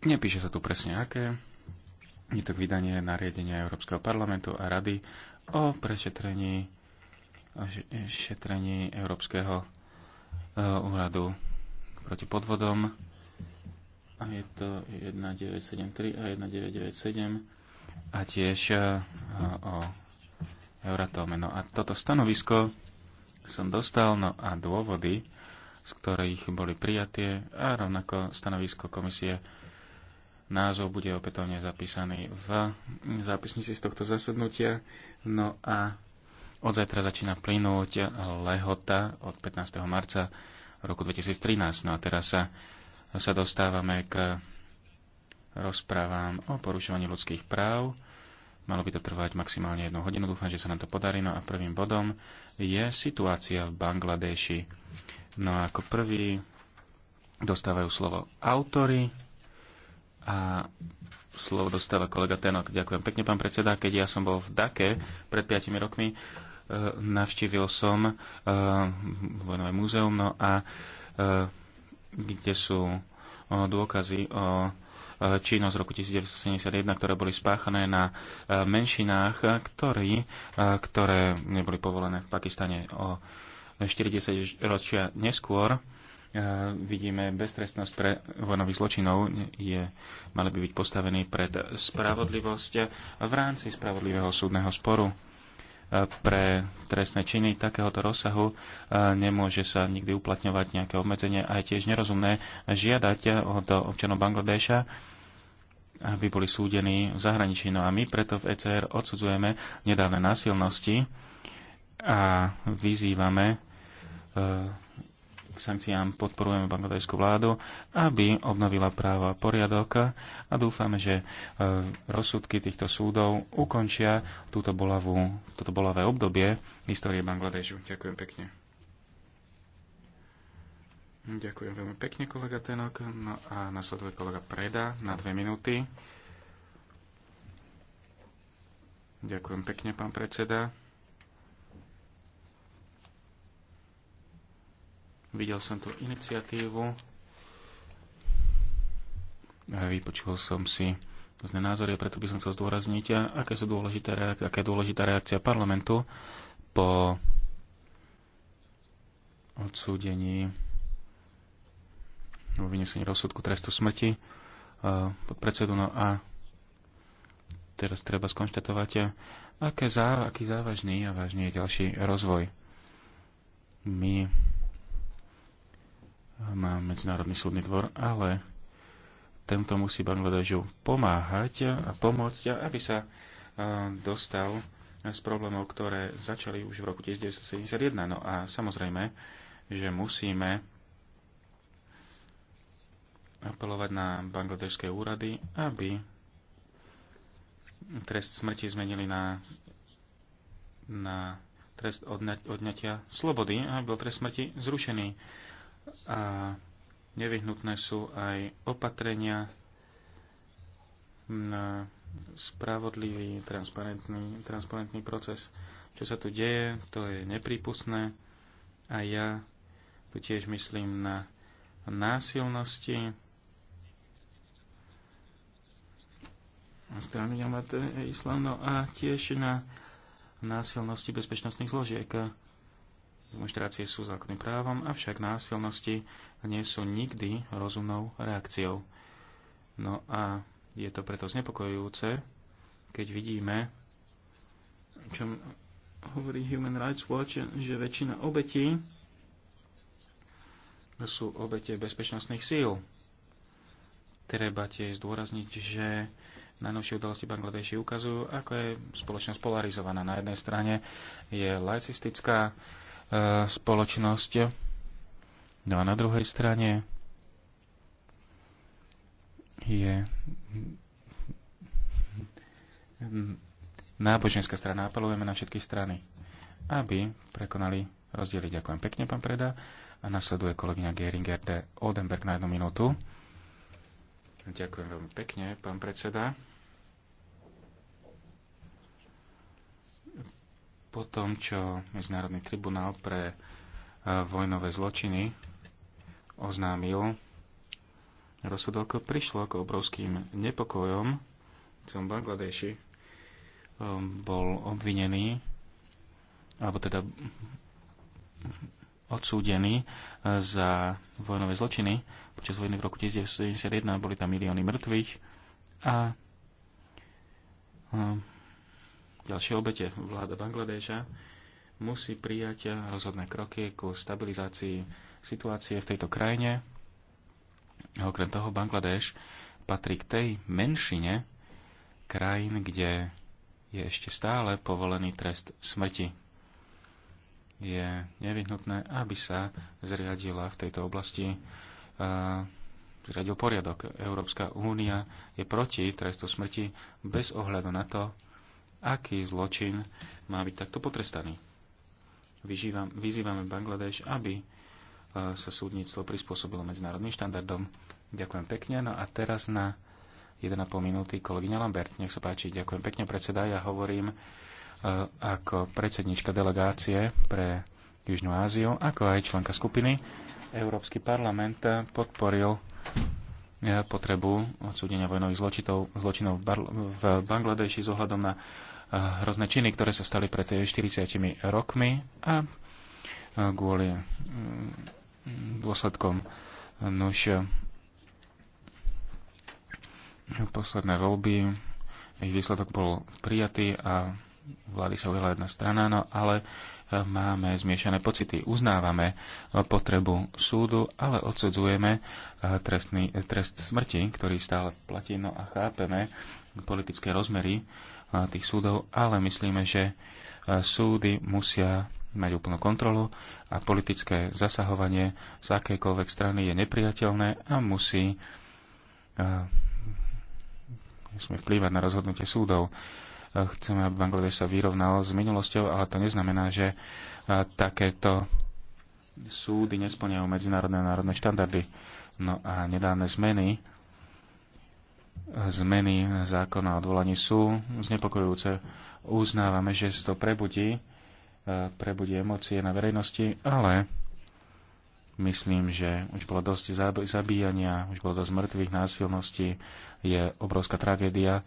Nepíše sa tu presne aké. Je to vydanie nariadenia Európskeho parlamentu a rady o prešetrení o šetrení Európskeho e, úradu proti podvodom. A je to 1973 a 1997 a tiež e, o Euratome. No a toto stanovisko som dostal, no a dôvody, z ktorých boli prijatie a rovnako stanovisko komisie názov bude opätovne zapísaný v zápisnici z tohto zasadnutia. No a od zajtra začína plynúť lehota od 15. marca roku 2013. No a teraz sa, sa dostávame k rozprávam o porušovaní ľudských práv. Malo by to trvať maximálne jednu hodinu. Dúfam, že sa nám to podarí. No a prvým bodom je situácia v Bangladeši. No a ako prvý dostávajú slovo autory a slovo dostáva kolega Tenok. Ďakujem pekne, pán predseda. Keď ja som bol v Dake pred 5 rokmi, eh, navštívil som eh, vojnové múzeum, no a eh, kde sú dôkazy o činnosť z roku 1971, ktoré boli spáchané na menšinách, ktorý, ktoré neboli povolené v Pakistane o 40 ročia neskôr E, vidíme beztrestnosť pre vojnových zločinov je, mali by byť postavený pred spravodlivosť v rámci spravodlivého súdneho sporu. E, pre trestné činy takéhoto rozsahu e, nemôže sa nikdy uplatňovať nejaké obmedzenie a je tiež nerozumné žiadať od občanov Bangladeša, aby boli súdení v zahraničí. No a my preto v ECR odsudzujeme nedávne násilnosti a vyzývame sankciám podporujeme bangladejskú vládu, aby obnovila práva a poriadok a dúfame, že e, rozsudky týchto súdov ukončia túto bolavú, toto bolavé obdobie histórie Bangladežu. Ďakujem pekne. Ďakujem veľmi pekne, kolega Tenok. No a nasleduje kolega Preda na dve minúty. Ďakujem pekne, pán predseda. Videl som tú iniciatívu. A vypočul som si rôzne názory a preto by som chcel zdôrazniť, aké sú dôležité reakcie, aká je dôležitá reakcia parlamentu po odsúdení o vynesení rozsudku trestu smrti e, pod predsedu. No a teraz treba skonštatovať, aké zá, aký závažný a vážny je ďalší rozvoj. My na Medzinárodný súdny dvor, ale tento musí Bangladežu pomáhať a pomôcť, aby sa e, dostal z problémov, ktoré začali už v roku 1971. No a samozrejme, že musíme apelovať na bangladežské úrady, aby trest smrti zmenili na, na trest odňatia slobody, aby bol trest smrti zrušený a nevyhnutné sú aj opatrenia na spravodlivý, transparentný, transparentný proces. Čo sa tu deje, to je neprípustné a ja tu tiež myslím na násilnosti strany Jamate Islam, no a tiež na násilnosti bezpečnostných zložiek. Demonstrácie sú zákonným právom, avšak násilnosti nie sú nikdy rozumnou reakciou. No a je to preto znepokojujúce, keď vidíme, o čom hovorí Human Rights Watch, že väčšina obetí sú obete bezpečnostných síl. Treba tiež zdôrazniť, že najnovšie udalosti Bangladeši ukazujú, ako je spoločnosť polarizovaná. Na jednej strane je laicistická, spoločnosť. No a na druhej strane je náboženská strana. Apelujeme na všetky strany, aby prekonali rozdiely. Ďakujem pekne, pán Preda. A nasleduje kolegyňa Geringer de Oldenberg na jednu minútu. Ďakujem veľmi pekne, pán predseda. po tom, čo Medzinárodný tribunál pre e, vojnové zločiny oznámil rozsudok, prišlo k obrovským nepokojom v celom Bangladeši. E, bol obvinený, alebo teda odsúdený e, za vojnové zločiny. Počas vojny v roku 1971 boli tam milióny mŕtvych a ďalšie obete. Vláda Bangladeša musí prijať rozhodné kroky ku stabilizácii situácie v tejto krajine. A okrem toho Bangladeš patrí k tej menšine krajín, kde je ešte stále povolený trest smrti. Je nevyhnutné, aby sa zriadila v tejto oblasti zriadil poriadok. Európska únia je proti trestu smrti bez ohľadu na to, aký zločin má byť takto potrestaný. Vyžívam, vyzývame Bangladeš, aby e, sa súdnictvo prispôsobilo medzinárodným štandardom. Ďakujem pekne. No a teraz na 1,5 minúty kolegyňa Lambert. Nech sa páči. Ďakujem pekne, predseda. Ja hovorím e, ako predsednička delegácie pre Južnú Áziu, ako aj členka skupiny. Európsky parlament podporil e, potrebu odsúdenia vojnových zločinov, zločinov v Bangladeši s ohľadom na hrozné činy, ktoré sa stali pred 40 rokmi a kvôli mm, dôsledkom nož posledné voľby, ich výsledok bol prijatý a vlády sa ujela jedna strana, no ale e, máme zmiešané pocity. Uznávame potrebu súdu, ale odsudzujeme e, trestný, trest smrti, ktorý stále platí, no a chápeme politické rozmery tých súdov, ale myslíme, že e, súdy musia mať úplnú kontrolu a politické zasahovanie z akejkoľvek strany je nepriateľné a musí e, musíme vplývať na rozhodnutie súdov. E, chceme, aby Bangladeš sa vyrovnal s minulosťou, ale to neznamená, že takéto súdy nesplňajú medzinárodné a národné štandardy. No a nedávne zmeny zmeny zákona o odvolaní sú znepokojujúce. Uznávame, že to prebudí, e, prebudí emócie na verejnosti, ale myslím, že už bolo dosť zabíjania, už bolo dosť mŕtvych násilností, je obrovská tragédia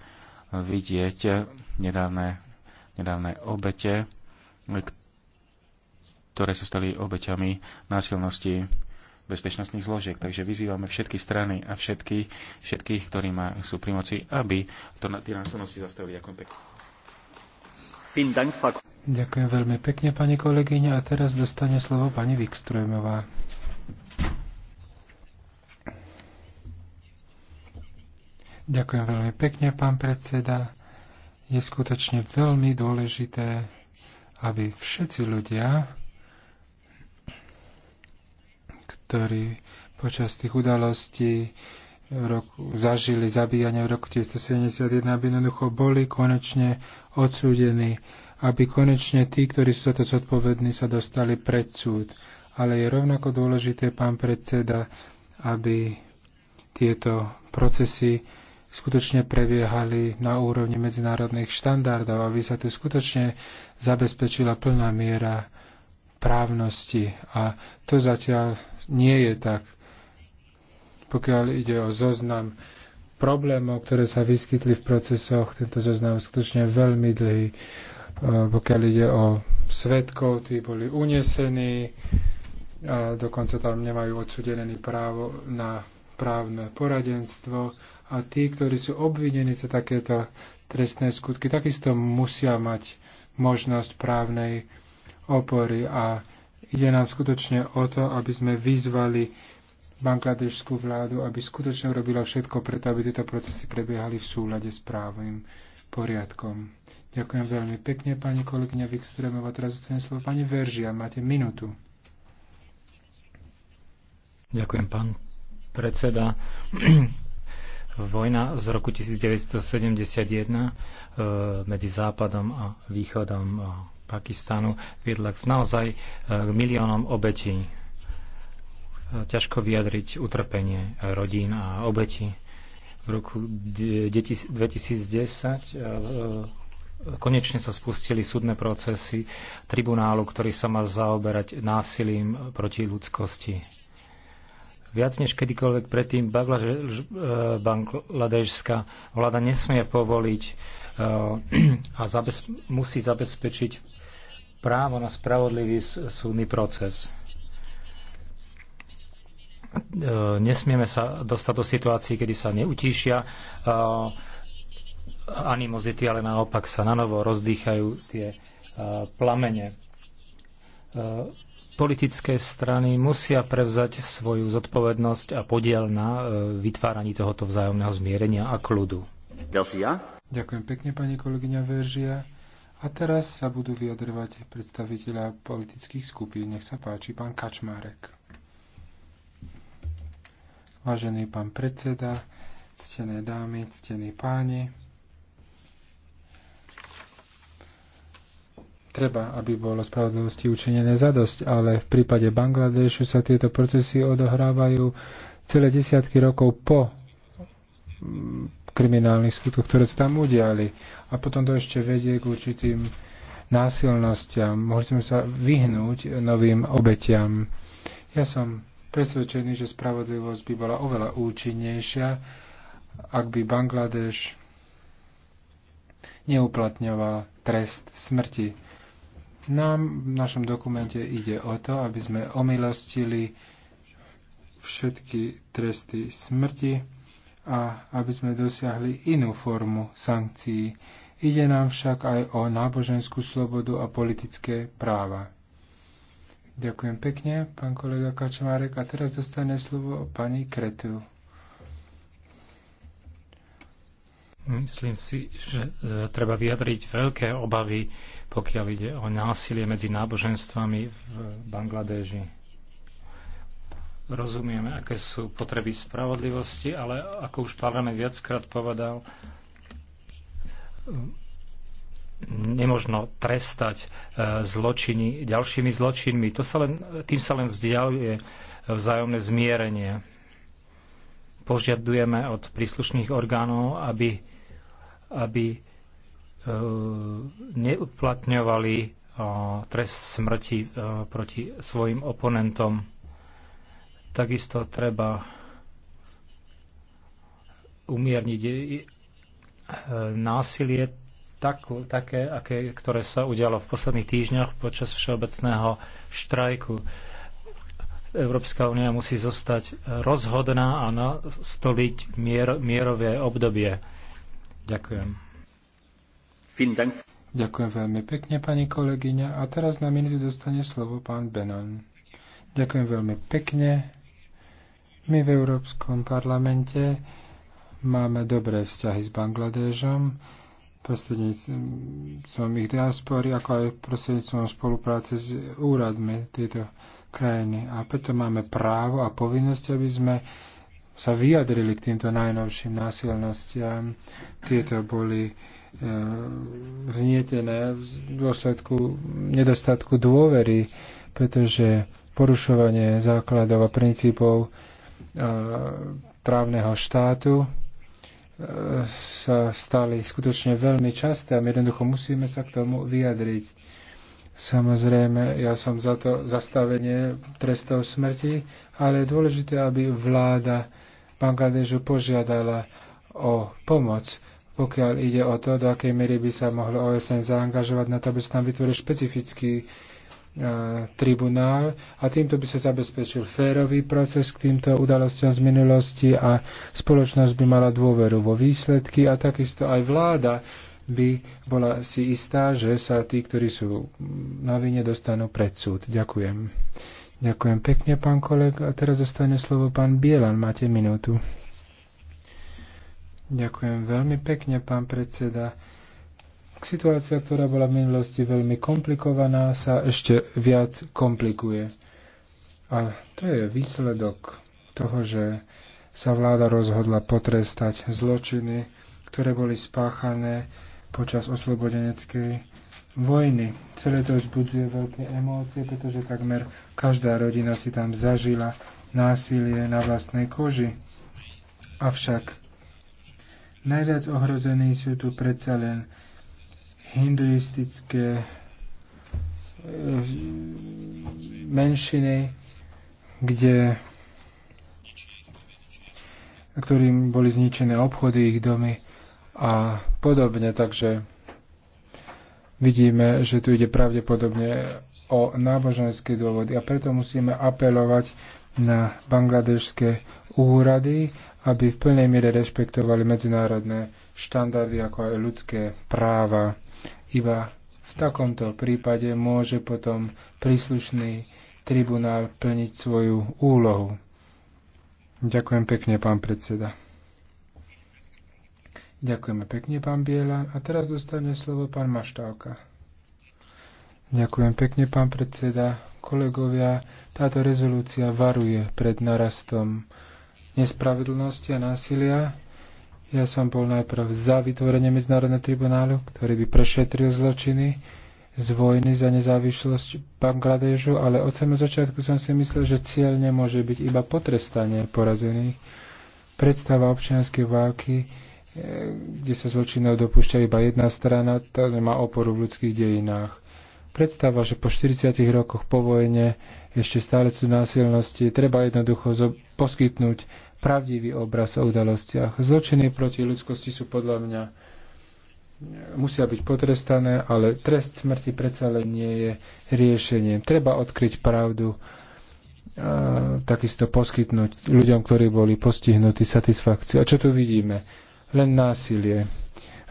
vidieť nedávne, nedávne obete, ktoré sa stali obeťami násilnosti bezpečnostných zložiek. Takže vyzývame všetky strany a všetky, všetkých, ktorí má, sú pri moci, aby to na tie násilnosti zastavili. Ďakujem pekne. Ďakujem veľmi pekne, pani kolegyňa. A teraz dostane slovo pani Vikstrojmová. Ďakujem veľmi pekne, pán predseda. Je skutočne veľmi dôležité, aby všetci ľudia, ktorí počas tých udalostí v roku, zažili zabíjanie v roku 1971, aby jednoducho boli konečne odsúdení, aby konečne tí, ktorí sú za to zodpovední, sa dostali pred súd. Ale je rovnako dôležité, pán predseda, aby tieto procesy skutočne prebiehali na úrovni medzinárodných štandardov, aby sa tu skutočne zabezpečila plná miera právnosti. A to zatiaľ nie je tak. Pokiaľ ide o zoznam problémov, ktoré sa vyskytli v procesoch, tento zoznam je skutočne veľmi dlhý. E, pokiaľ ide o svetkov, tí boli unesení, a dokonca tam nemajú odsudené právo na právne poradenstvo a tí, ktorí sú obvinení za takéto trestné skutky, takisto musia mať možnosť právnej opory a ide nám skutočne o to, aby sme vyzvali bangladežskú vládu, aby skutočne urobila všetko preto, aby tieto procesy prebiehali v súlade s právnym poriadkom. Ďakujem veľmi pekne, pani kolegyňa Vikstremová. Teraz zostane slovo pani Veržia. Máte minútu. Ďakujem, pán predseda. Vojna z roku 1971 eh, medzi Západom a Východom eh, Pakistanu viedla naozaj e, k miliónom obetí. E, ťažko vyjadriť utrpenie rodín a obetí. V roku 2010 e, konečne sa spustili súdne procesy tribunálu, ktorý sa má zaoberať násilím proti ľudskosti viac než kedykoľvek predtým bangladežská vláda nesmie povoliť a zabez, musí zabezpečiť právo na spravodlivý súdny proces. E, nesmieme sa dostať do situácií, kedy sa neutíšia e, animozity, ale naopak sa na novo rozdýchajú tie e, plamene. Politické strany musia prevzať svoju zodpovednosť a podiel na vytváraní tohoto vzájomného zmierenia a kľudu. Ďakujem pekne, pani kolegyňa Veržia. A teraz sa budú vyjadrovať predstaviteľa politických skupín. Nech sa páči, pán Kačmárek. Vážený pán predseda, ctené dámy, ctení páni, treba, aby bolo spravodlivosti učinené zadosť, ale v prípade Bangladešu sa tieto procesy odohrávajú celé desiatky rokov po mm, kriminálnych skutkoch, ktoré sa tam udiali a potom to ešte vedie k určitým násilnostiam. Mohli sme sa vyhnúť novým obetiam. Ja som presvedčený, že spravodlivosť by bola oveľa účinnejšia, ak by Bangladeš neuplatňoval trest smrti. Nám v našom dokumente ide o to, aby sme omilostili všetky tresty smrti a aby sme dosiahli inú formu sankcií Ide nám však aj o náboženskú slobodu a politické práva. Ďakujem pekne, pán kolega Kačmárek. A teraz dostane slovo pani Kretu. Myslím si, že e, treba vyjadriť veľké obavy, pokiaľ ide o násilie medzi náboženstvami v Bangladeži. Rozumieme, aké sú potreby spravodlivosti, ale ako už parlament viackrát povedal, nemožno trestať e, zločiny ďalšími zločinmi. To sa len, tým sa len vzdialuje e, vzájomné zmierenie. Požiadujeme od príslušných orgánov, aby, aby e, neuplatňovali trest smrti proti svojim oponentom. Takisto treba umierniť E, násilie tak, také, aké, ktoré sa udialo v posledných týždňoch počas všeobecného štrajku. Európska únia musí zostať rozhodná a nastoliť mier, mierové obdobie. Ďakujem. Ďakujem veľmi pekne, pani kolegyňa. A teraz na minúty dostane slovo pán Benon. Ďakujem veľmi pekne. My v Európskom parlamente Máme dobré vzťahy s Bangladežom, prostredníctvom ich diaspory, ako aj prostredníctvom spolupráce s úradmi tejto krajiny. A preto máme právo a povinnosť, aby sme sa vyjadrili k týmto najnovším násilnostiam. Tieto boli e, vznietené v dôsledku nedostatku dôvery, pretože porušovanie základov a princípov e, právneho štátu sa stali skutočne veľmi časté a my jednoducho musíme sa k tomu vyjadriť. Samozrejme, ja som za to zastavenie trestov smrti, ale je dôležité, aby vláda Bangladežu požiadala o pomoc, pokiaľ ide o to, do akej miery by sa mohlo OSN zaangažovať na to, aby sa tam vytvoril špecifický E, tribunál a týmto by sa zabezpečil férový proces k týmto udalostiam z minulosti a spoločnosť by mala dôveru vo výsledky a takisto aj vláda by bola si istá, že sa tí, ktorí sú na vine, dostanú pred súd. Ďakujem. Ďakujem pekne, pán koleg. A teraz zostane slovo pán Bielan. Máte minútu. Ďakujem veľmi pekne, pán predseda. Situácia, ktorá bola v minulosti veľmi komplikovaná, sa ešte viac komplikuje. A to je výsledok toho, že sa vláda rozhodla potrestať zločiny, ktoré boli spáchané počas oslobodeneckej vojny. Celé to vzbudzuje veľké emócie, pretože takmer každá rodina si tam zažila násilie na vlastnej koži. Avšak najviac ohrození sú tu predsa len hinduistické eh, menšiny, kde ktorým boli zničené obchody, ich domy a podobne. Takže vidíme, že tu ide pravdepodobne o náboženské dôvody a preto musíme apelovať na bangladežské úrady, aby v plnej miere rešpektovali medzinárodné štandardy ako aj ľudské práva. Iba v takomto prípade môže potom príslušný tribunál plniť svoju úlohu. Ďakujem pekne, pán predseda. Ďakujeme pekne, pán Bielan. A teraz dostane slovo pán Maštálka. Ďakujem pekne, pán predseda. Kolegovia, táto rezolúcia varuje pred narastom nespravedlnosti a násilia ja som bol najprv za vytvorenie Medzinárodného tribunálu, ktorý by prešetril zločiny z vojny za nezávislosť Bangladežu, ale od samého začiatku som si myslel, že cieľ nemôže byť iba potrestanie porazených. Predstava občianskej války, e, kde sa zločinov dopúšťa iba jedna strana, to nemá oporu v ľudských dejinách. Predstava, že po 40 rokoch po vojne ešte stále sú násilnosti, treba jednoducho poskytnúť pravdivý obraz o udalostiach. Zločiny proti ľudskosti sú podľa mňa musia byť potrestané, ale trest smrti predsa len nie je riešenie. Treba odkryť pravdu, a takisto poskytnúť ľuďom, ktorí boli postihnutí, satisfakciu. A čo tu vidíme? Len násilie.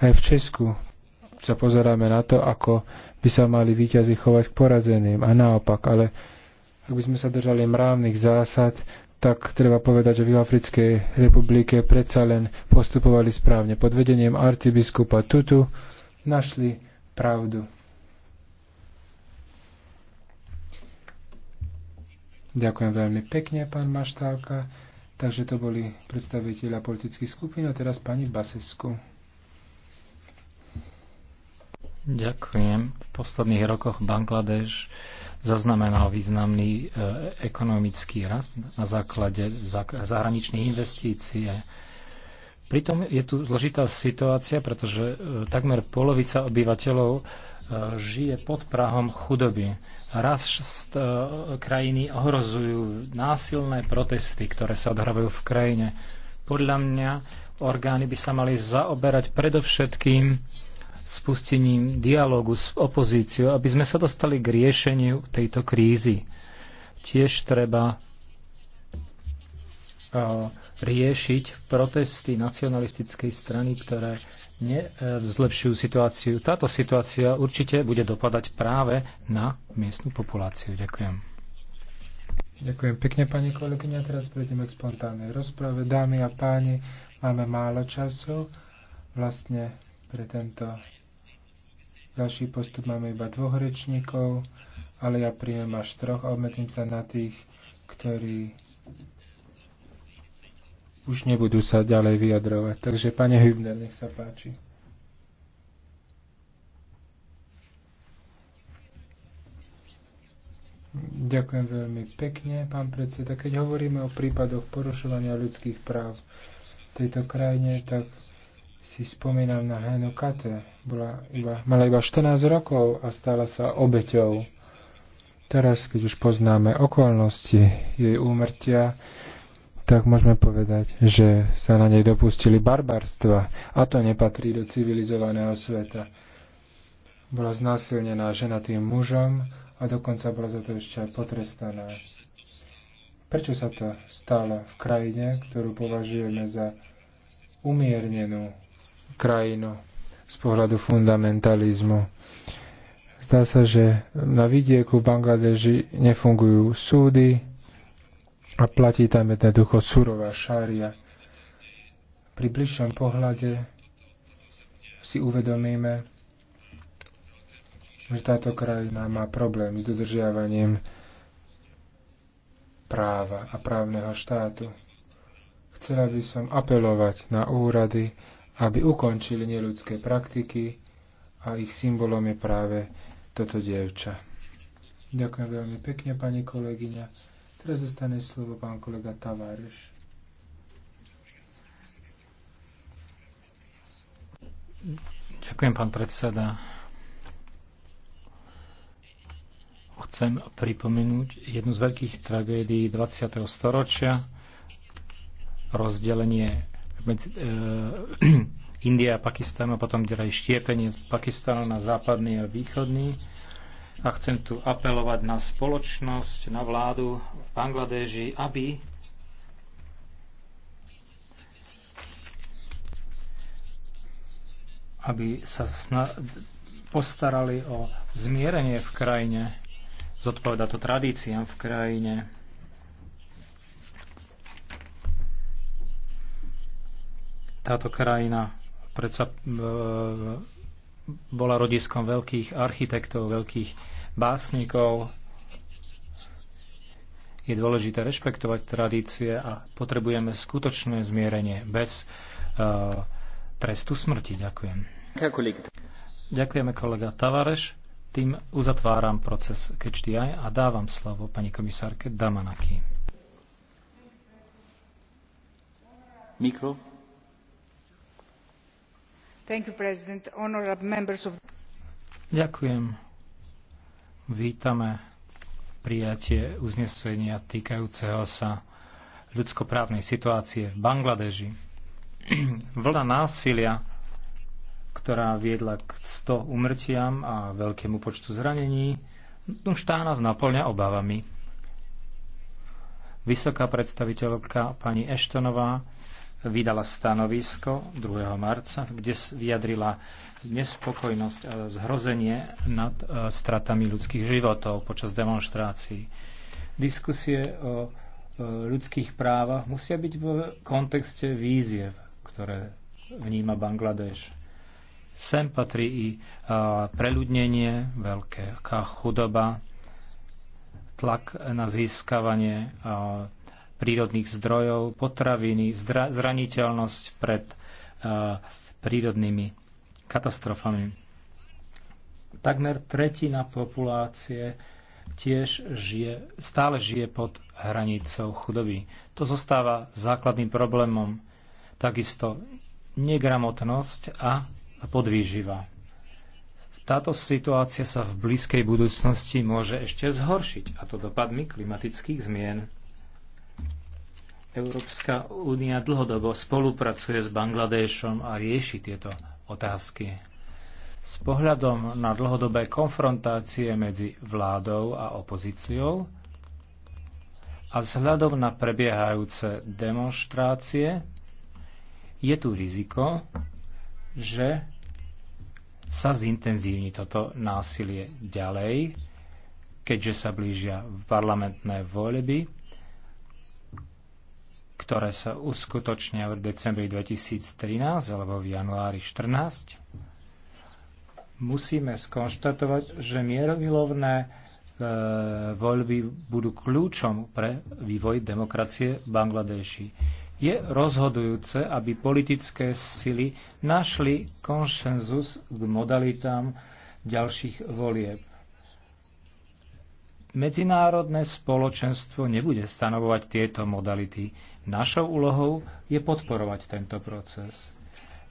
Aj v Česku sa pozeráme na to, ako by sa mali výťazi chovať k porazeným a naopak, ale ak by sme sa držali mrávnych zásad, tak treba povedať, že v Africkej republike predsa len postupovali správne. Pod vedením arcibiskupa Tutu našli pravdu. Ďakujem veľmi pekne, pán Maštálka. Takže to boli predstaviteľa politických skupín a teraz pani Basesku. Ďakujem. V posledných rokoch Bangladeš zaznamenal významný e, ekonomický rast na základe zahraničných investícií. Pritom je tu zložitá situácia, pretože e, takmer polovica obyvateľov e, žije pod prahom chudoby. Rast krajiny ohrozujú násilné protesty, ktoré sa odhrávajú v krajine. Podľa mňa orgány by sa mali zaoberať predovšetkým spustením dialógu s opozíciou, aby sme sa dostali k riešeniu tejto krízy. Tiež treba e, riešiť protesty nacionalistickej strany, ktoré nezlepšujú e, situáciu. Táto situácia určite bude dopadať práve na miestnu populáciu. Ďakujem. Ďakujem pekne, pani kolegyňa. Teraz prejdeme k spontánnej rozprave. Dámy a páni, máme málo času vlastne pre tento ďalší postup máme iba dvoch rečníkov, ale ja príjmem až troch a obmedzím sa na tých, ktorí už nebudú sa ďalej vyjadrovať. Takže, pane Hübner, nech sa páči. Ďakujem veľmi pekne, pán predseda. Keď hovoríme o prípadoch porušovania ľudských práv v tejto krajine, tak si spomínam na Henu Kate. Bola iba, mala iba 14 rokov a stala sa obeťou. Teraz, keď už poznáme okolnosti jej úmrtia, tak môžeme povedať, že sa na nej dopustili barbarstva a to nepatrí do civilizovaného sveta. Bola znásilnená žena tým mužom a dokonca bola za to ešte aj potrestaná. Prečo sa to stalo v krajine, ktorú považujeme za umiernenú? krajinu z pohľadu fundamentalizmu. Zdá sa, že na vidieku v Bangladeži nefungujú súdy a platí tam jednoducho surová šária. Pri bližšom pohľade si uvedomíme, že táto krajina má problém s dodržiavaním práva a právneho štátu. Chcela by som apelovať na úrady, aby ukončili neľudské praktiky a ich symbolom je práve toto dievča. Ďakujem veľmi pekne, pani kolegyňa. Teraz zostane slovo pán kolega Taváreš. Ďakujem, pán predseda. Chcem pripomenúť jednu z veľkých tragédií 20. storočia, rozdelenie medzi, eh, India a Pakistanu a potom ďalej štiepenie z Pakistanu na západný a východný. A chcem tu apelovať na spoločnosť, na vládu v Bangladeži, aby aby sa postarali o zmierenie v krajine. Zodpoveda to tradíciám v krajine. Táto krajina predsa e, bola rodiskom veľkých architektov, veľkých básnikov. Je dôležité rešpektovať tradície a potrebujeme skutočné zmierenie bez uh, trestu smrti. Ďakujem. Ďakujeme kolega Tavareš. Tým uzatváram proces KHDI a dávam slovo pani komisárke Damanaki. Mikro. Ďakujem. Vítame prijatie uznesenia týkajúceho sa ľudskoprávnej situácie v Bangladeži. Vlna násilia, ktorá viedla k 100 umrtiam a veľkému počtu zranení, už tá nás naplňa obavami. Vysoká predstaviteľka pani Eštonová vydala stanovisko 2. marca, kde vyjadrila nespokojnosť a zhrozenie nad e, stratami ľudských životov počas demonstrácií. Diskusie o e, ľudských právach musia byť v kontexte víziev, ktoré vníma Bangladeš. Sem patrí i e, preľudnenie, veľká chudoba, tlak na získavanie prírodných zdrojov, potraviny, zraniteľnosť pred eh, prírodnými katastrofami. Takmer tretina populácie tiež žije, stále žije pod hranicou chudoby. To zostáva základným problémom. Takisto negramotnosť a podvýživa. Táto situácia sa v blízkej budúcnosti môže ešte zhoršiť, a to dopadmi klimatických zmien. Európska únia dlhodobo spolupracuje s Bangladéšom a rieši tieto otázky. S pohľadom na dlhodobé konfrontácie medzi vládou a opozíciou a vzhľadom na prebiehajúce demonstrácie je tu riziko, že sa zintenzívni toto násilie ďalej, keďže sa blížia parlamentné voľby ktoré sa uskutočnia v decembri 2013 alebo v januári 2014, musíme skonštatovať, že mierovilovné e, voľby budú kľúčom pre vývoj demokracie v Bangladeši. Je rozhodujúce, aby politické sily našli konsenzus k modalitám ďalších volieb. Medzinárodné spoločenstvo nebude stanovovať tieto modality Našou úlohou je podporovať tento proces.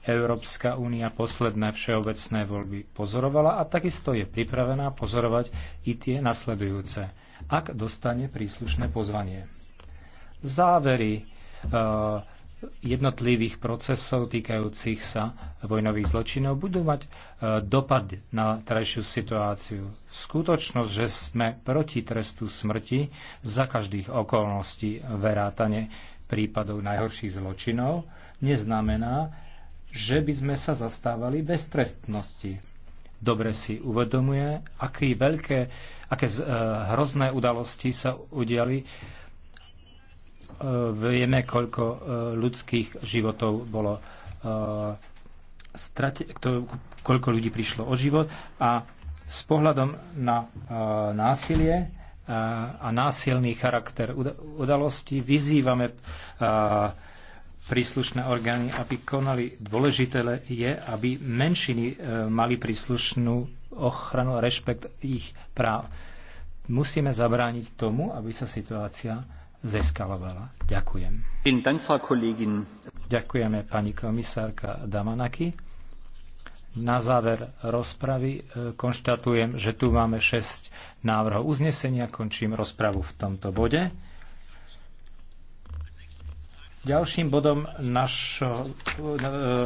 Európska únia posledné všeobecné voľby pozorovala a takisto je pripravená pozorovať i tie nasledujúce, ak dostane príslušné pozvanie. Závery e jednotlivých procesov týkajúcich sa vojnových zločinov budú mať e, dopad na trajšiu situáciu. Skutočnosť, že sme proti trestu smrti za každých okolností verátane prípadov najhorších zločinov, neznamená, že by sme sa zastávali bez trestnosti. Dobre si uvedomuje, aké veľké, aké e, hrozné udalosti sa udiali. E, vieme, koľko e, ľudských životov bolo strate, koľko ľudí prišlo o život a s pohľadom na násilie a násilný charakter udalosti Vyzývame príslušné orgány, aby konali. Dôležité je, aby menšiny e, mali príslušnú ochranu a rešpekt ich práv. Musíme zabrániť tomu, aby sa situácia zeskalovala. Ďakujem. Ďakujeme pani komisárka Damanaki. Na záver rozpravy e, konštatujem, že tu máme 6 návrhov uznesenia. Končím rozpravu v tomto bode. Ďalším bodom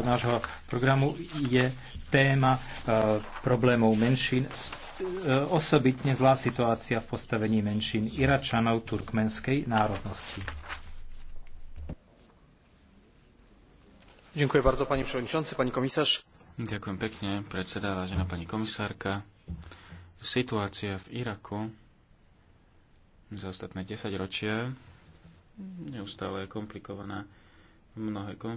nášho e, programu je téma e, problémov menšín, osobitne zlá situácia v postavení menšín Iračanov turkmenskej národnosti. Dziękuję bardzo panie przewodniczący, pani komisarz. Ďakujem pekne, predseda, vážená pani komisárka. Situácia v Iraku za ostatné 10 ročia neustále je komplikovaná. Mnohé konflikty